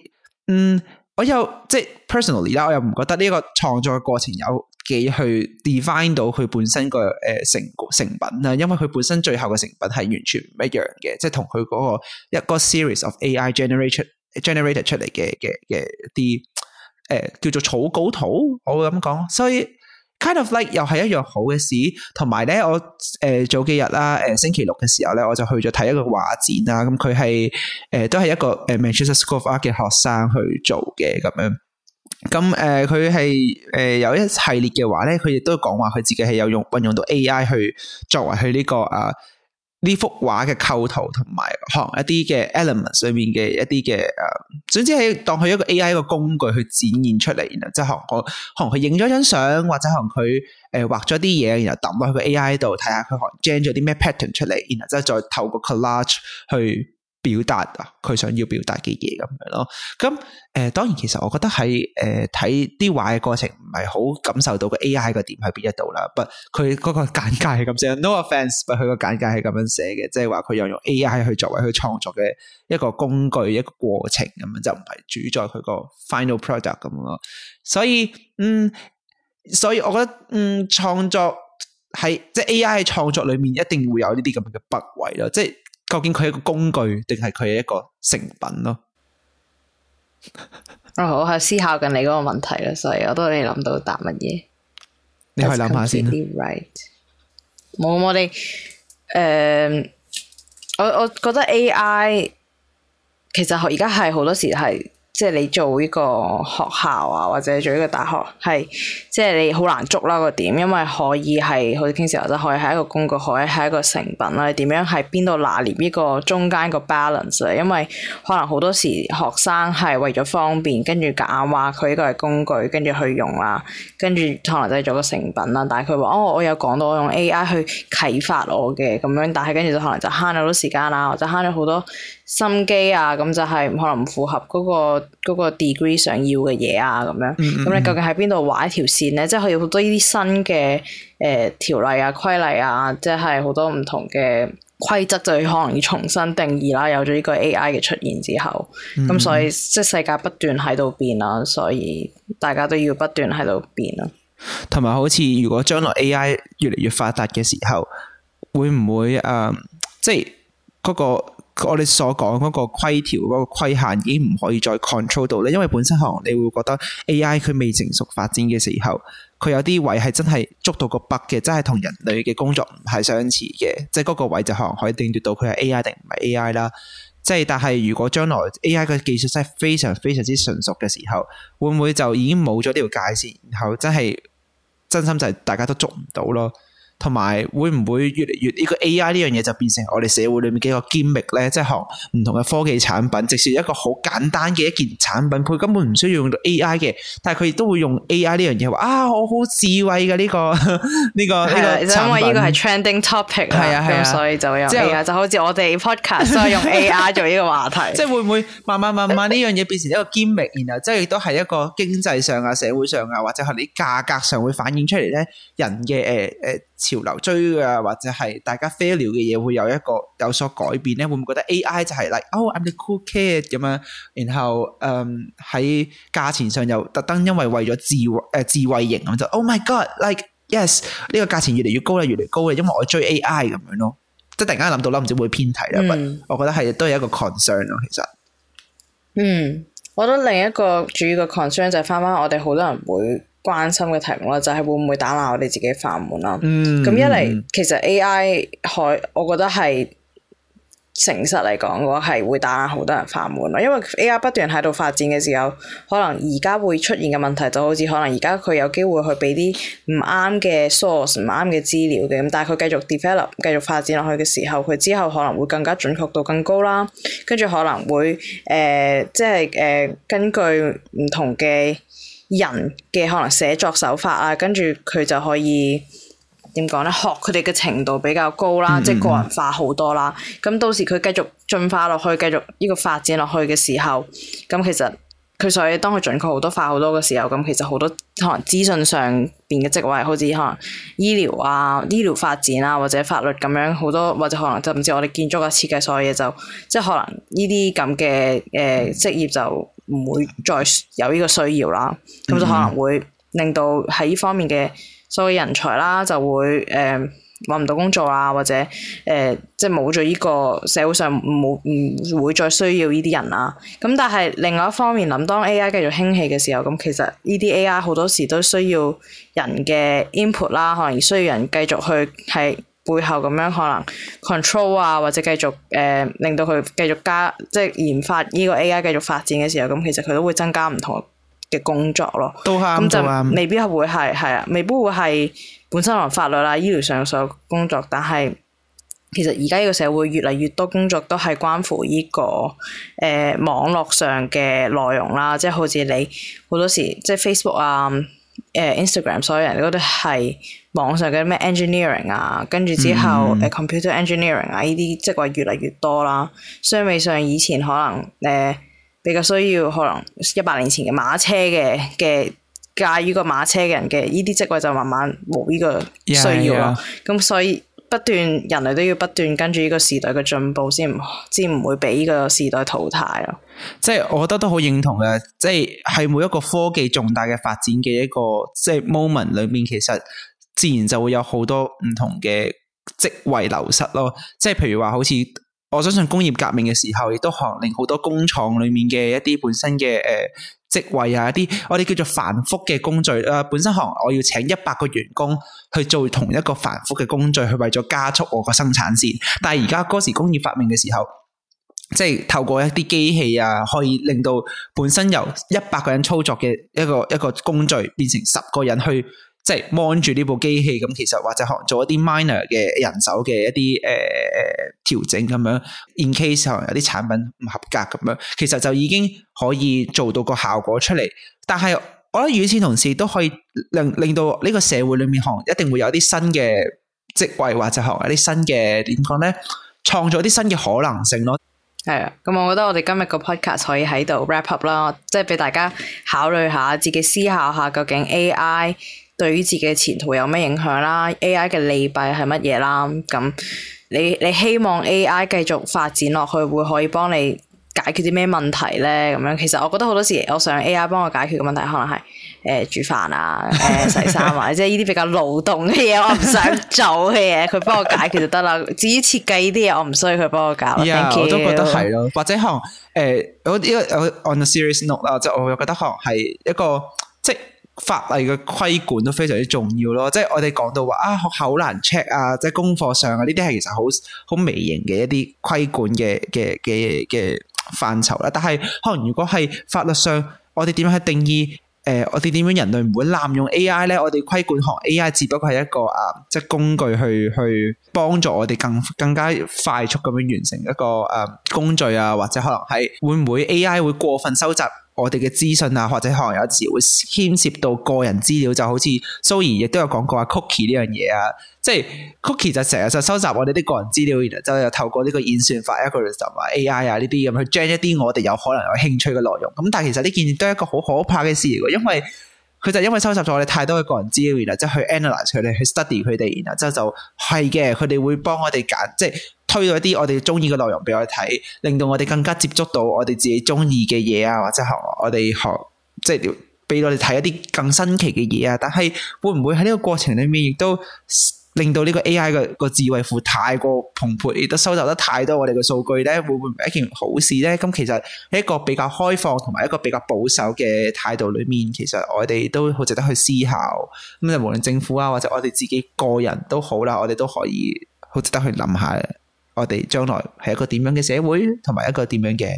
嗯。我又即係 personally 啦，我又唔覺得呢個創作嘅過程有幾去 define 到佢本身個誒成成品啦，因為佢本身最後嘅成品係完全唔一樣嘅，即係同佢嗰個一個 series of AI generate generated 出嚟嘅嘅嘅啲誒叫做草稿圖，我會咁講，所以。Kind of like 又係一樣好嘅事，同埋咧我誒、呃、早幾日啦，誒、呃、星期六嘅時候咧，我就去咗睇一個畫展啦。咁佢係誒都係一個誒 Manchester School of Art 嘅學生去做嘅咁樣。咁誒佢係誒有一系列嘅畫咧，佢亦都講話佢自己係有用運用到 AI 去作為佢呢、呢個啊。呢幅畫嘅構圖同埋學一啲嘅 element 上面嘅一啲嘅誒，總之係當佢一個 AI 個工具去展現出嚟，然後即係學我，可能佢影咗張相或者可能佢誒、呃，畫咗啲嘢，然後抌落去個 AI 度睇下佢學 gen 咗啲咩 pattern 出嚟，然後即係再透過 collage 去。表達啊佢想要表達嘅嘢咁樣咯，咁誒、呃，當然其實我覺得喺誒睇啲畫嘅過程唔係好感受到個 A I 個點喺邊一度啦。不，佢嗰個簡介係咁寫，no offence，但佢個簡介係咁樣寫嘅，即係話佢又用 A I 去作為佢創作嘅一個工具，一個過程咁樣，就唔係主宰佢個 final product 咁咯。所以，嗯，所以我覺得，嗯，創作係即係 A I 創作裏面一定會有呢啲咁嘅不位咯，即係。究竟佢係一個工具定係佢係一個成品咯？
啊、 oh, so，我係思考緊你嗰個問題啦，所以我都未諗到答乜嘢。
你去諗下先啦。
冇，我哋誒，我我覺得 A. I. 其實而家係好多時係。即係你做呢個學校啊，或者做呢個大學，係即係你好難捉啦個點，因為可以係好似傾小學就可以係一個工具，可以係一個成品啦。點樣喺邊度拿捏呢個中間個 balance 啊？因為可能好多時學生係為咗方便，跟住夾硬話佢呢個係工具，跟住去用啦，跟住可能就係做個成品啦。但係佢話哦，我有講到我用 AI 去啟發我嘅咁樣，但係跟住就可能就慳咗好多時間啦，或者慳咗好多。心機啊，咁就係可能唔符合嗰、嗰個嗰個 degree 想要嘅嘢啊，咁樣。咁、嗯嗯嗯、你究竟喺邊度畫一條線咧？即係佢有好多呢啲新嘅誒、呃、條例啊、規例啊，即係好多唔同嘅規則，就是、可能要重新定義啦。有咗呢個 AI 嘅出現之後，
咁、嗯嗯、所以
即係、就是、世界不斷喺度變啦，所以大家都
要不斷喺度變啦。同埋好似如果將來 AI 越嚟越發達嘅時候，會唔會誒、嗯？即係嗰、嗰個。我哋所講嗰個規條、嗰、個規限已經唔可以再 control 到咧，因為本身可能你會覺得 AI 佢未成熟發展嘅時候，佢有啲位係真係捉到個 bug 嘅，真係同人類嘅工作唔係相似嘅，即係嗰個位就可能可以定奪到佢係 AI 定唔係 AI 啦。即係但係如果將來 AI 嘅技術真係非常非常之純熟嘅時候，會唔會就已經冇咗呢條界線，然後真係真心就係大家都捉唔到咯？同埋，會唔會越嚟越呢、這個 AI 呢樣嘢就變成我哋社會裏面幾個 gimmick 咧？即、就、係、是、學唔同嘅科技產品，即使一個好簡單嘅一件產品，佢根本唔需要用到 AI 嘅，但係佢亦都會用 AI 呢樣嘢話啊！我好智慧嘅呢、這個呢、這個呢的個因為呢個係
trending topic，係啊係啊，所以就即係啊，的就好似我哋 podcast 都係 用 AI 做
呢個話題，即係 會唔會慢慢慢慢呢樣嘢變成一個 gimmick？然後即係亦都係一個經濟上啊、社會上啊，或者係你價格上會反映出嚟咧，人嘅誒誒。呃呃呃潮流追啊，或者係大家 fail 嘅嘢，會有一個有所改變咧？會唔會覺得 AI 就係 like oh I'm the cool kid 咁樣？然後誒喺價錢上又特登，因為為咗智誒、呃、智慧型咁就 oh my god like yes 呢個價錢越嚟越高咧，越嚟越高咧，因為我追 AI 咁樣咯，即係突然間諗到諗唔知會偏題啦，嗯、but, 我覺得係都係一個 concern 咯，其實。嗯，
我覺得另一個主要嘅 concern 就係翻翻我哋好多人會關心嘅題目啦，就係、是、會唔會打爛我哋自己嘅飯碗啦？咁、嗯、一嚟，嗯、其實 A I 海，我覺得係誠實嚟講嘅話，係會打爛好多人飯碗咯。因為 A I 不斷喺度發展嘅時候，可能而家會出現嘅問題就好似可能而家佢有機會去俾啲唔啱嘅 source、唔啱嘅資料嘅，咁但係佢繼續 develop、繼續發展落去嘅時候，佢之後可能會更加準確度更高啦。跟住可能會誒、呃，即係誒、呃，根據唔同嘅。人嘅可能寫作手法啊，跟住佢就可以點講咧？學佢哋嘅程度比較高啦，嗯嗯，即係個人化好多啦。咁到時佢繼續進化落去，繼續呢個發展落去嘅時候，咁其實佢所以當佢準確好多、化好多嘅時候，咁其實好多可能資訊上邊嘅職位，好似可能醫療啊、醫療發展啊，或者法律咁樣好多，或者可能就唔知我哋建築嘅設計所有嘢，就即係可能呢啲咁嘅誒職業就。唔會再有呢個需要啦，咁就可能會令到喺呢方面嘅所謂人才啦，就會誒揾唔到工作啊，或者誒、呃、即係冇咗呢個社會上冇唔會再需要呢啲人啦。咁但係另外一方面，諗當 AI 繼續興起嘅時候，咁其實呢啲 AI 好多時都需要人嘅 input 啦，可能需要人繼續去係。背後咁樣可能 control 啊，或者繼續誒、呃、令到佢繼續加，即係研發呢個 AI 繼續發展嘅時候，咁其實佢都會增加唔同嘅工作咯。都吓未必係會係係啊，未必會係本身法律啦、醫療上所有工作，但係其實而家呢個社會越嚟越多工作都係關乎呢、這個誒、呃、網絡上嘅內容啦，即係好似你好多時即係 Facebook 啊。誒、uh, Instagram 所有人覺得係網上嘅咩 engineering 啊，跟住之後誒、mm. uh, computer engineering 啊呢啲職位越嚟越多啦。相比上以前可能誒、uh, 比較需要可能一百年前嘅馬車嘅嘅駕馭個馬車嘅人嘅呢啲職位就慢慢冇呢個需要咯，咁 Yeah, yeah. 所以。不斷，人類都要不斷跟住呢個時代嘅進步，先先唔會俾呢個時代淘汰咯。
即係我覺得都好認同嘅，即係喺每一個科技重大嘅發展嘅一個即係、就是、moment 裏面，其實自然就會有好多唔同嘅職位流失咯。即、就、係、是、譬如話，好似我相信工業革命嘅時候，亦都行令好多工廠裏面嘅一啲本身嘅誒。呃職位啊，一啲我哋叫做繁複嘅工序啊，呃，本身行我要請一百個員工去做同一個繁複嘅工序，去為咗加速我個生產線。但係而家嗰時工業發明嘅時候，即係透過一啲機器啊，可以令到本身由一百個人操作嘅一個一個工序，變成十個人去。即係望住呢部機器，咁其實或者學做一啲 minor 嘅人手嘅一啲誒誒調整咁樣，In case 上有啲產品唔合格咁樣，其實就已經可以做到個效果出嚟。但係我覺得與此同時都可以令令到呢個社會裏面學一定會有啲新嘅職位，或者學一啲新嘅點講咧，創造一啲新嘅可能性咯。係啊，咁我覺得
我哋今日個 podcast 可以喺度 wrap up 啦，即係俾大家考慮下，自己思考下究竟 AI。對於自己嘅前途有咩影響啦？AI 嘅利弊係乜嘢啦？咁你你希望 AI 繼續發展落去，會可以幫你解決啲咩問題咧？咁樣其實我覺得好多時，我想 AI 幫我解決嘅問題，可能係誒、呃、煮飯啊、誒、呃、洗衫啊， 即係呢啲比較勞動嘅嘢，我唔想做嘅嘢，佢幫 我解決就得啦。至於設計呢啲嘢，我唔需要佢幫我搞。Yeah, thank you. 我都覺得係
咯，或者可能誒，呃，我呢個我 on a serious note 啦，我又覺得可能係一個。法例嘅規管都非常之重要咯，即係我哋講到話啊，好難 check 啊，即係功課上啊，呢啲係其實好好微型嘅一啲規管嘅嘅嘅嘅範疇啦。但係可能如果係法律上，我哋點樣去定義？誒、呃，我哋點樣人類唔會濫用 AI 咧？我哋規管學 AI 只不過係一個啊，即、就、係、是、工具去去幫助我哋更更加快速咁樣完成一個誒、啊、工序啊，或者可能係會唔會 AI 會過分收集？我哋嘅資訊啊，或者可能有時會牽涉到個人資料，就好似 Zoe 亦都有講過啊，cookie 呢樣嘢啊，即係 cookie 就成日就收集我哋啲個人資料，然之後又透過呢個演算法、algorithm 啊、啊 AI 啊呢啲咁去將一啲我哋有可能有興趣嘅內容，咁但係其實呢件都係一個好可怕嘅事嚟嘅，因為。佢就因為收集咗我哋太多嘅個人資料，然後即係去 analyze 佢哋，去 study 佢哋，然後之後就係、是、嘅，佢哋會幫我哋揀，即、就、係、是、推咗一啲我哋中意嘅內容俾我哋睇，令到我哋更加接觸到我哋自己中意嘅嘢啊，或者學我哋學，即係俾我哋睇一啲更新奇嘅嘢啊。但係會唔會喺呢個過程裏面亦都令到呢個 AI 嘅個智慧庫太過蓬勃，亦都收集得太多我哋嘅數據咧，會唔會唔係一件好事咧？咁其實喺一個比較開放同埋一個比較保守嘅態度裏面，其實我哋都好值得去思考。咁啊，無論政府啊，或者我哋自己個人都好啦，我哋都可以好值得去諗下，我哋將來係一個點樣嘅社會，同埋一個點樣嘅。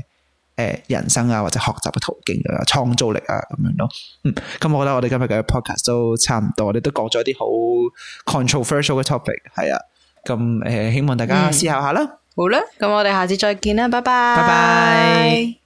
誒人生啊，或者學習嘅途徑啊，創造力啊咁樣咯，嗯，咁我覺得我哋今日嘅 podcast 都差唔多，我哋都講咗啲好 controversial 嘅 topic，係啊，咁誒，呃，希望大家思考下啦，嗯，
好啦，咁我哋下次再見啦，拜拜，拜拜。